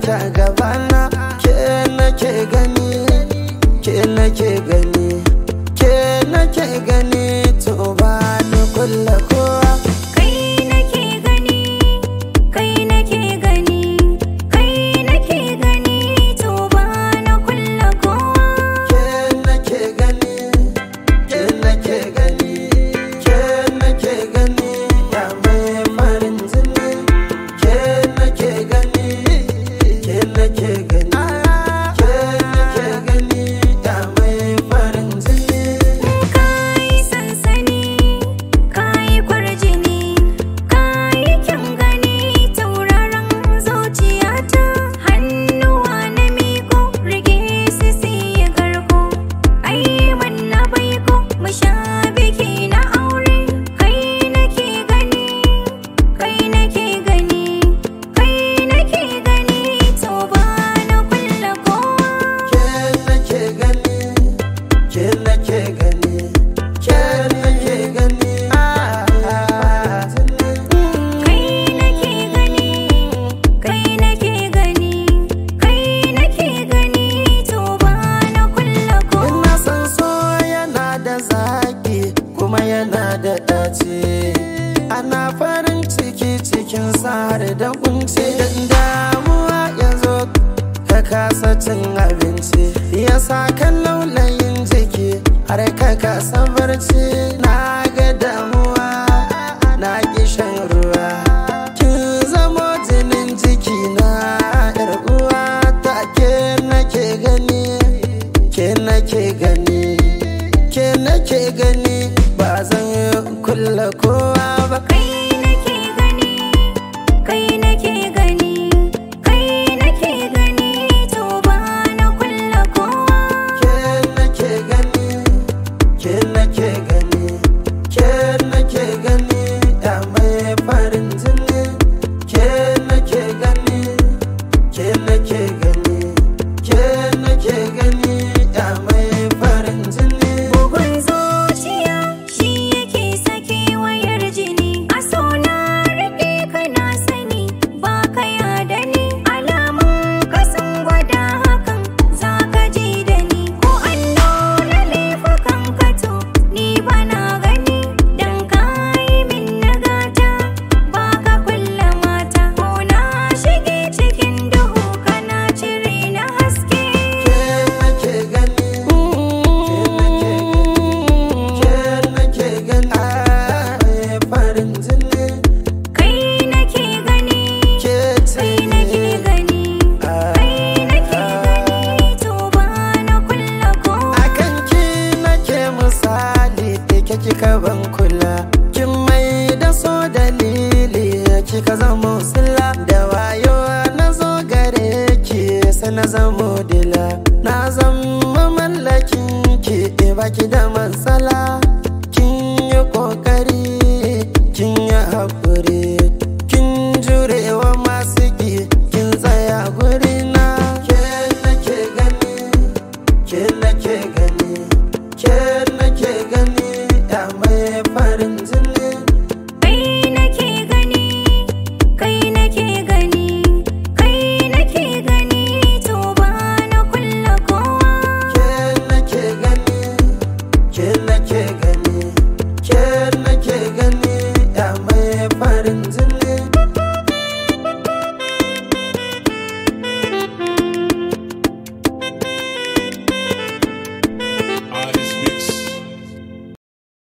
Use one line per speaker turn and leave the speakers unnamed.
ta gaba Ana farin ciki cikin har da kunce. dan damuwa ya zo ka kasa cin abinci ya sa kan laulayin jiki har ka kasa barci na ga damuwa na ki ruwa kin zamo jinin jiki na yar uwa ta ke nake gani ke nake gani ke nake gani ba
zan kulla ko
kika ban kula kin mai da so dalili kika zamo sila da wayo na zo gare ki sai na zamo dila na zama mallakin ki eh, baki da matsala kin yi kokari kin yi haƙuri kin jurewa masu kin tsaya gurina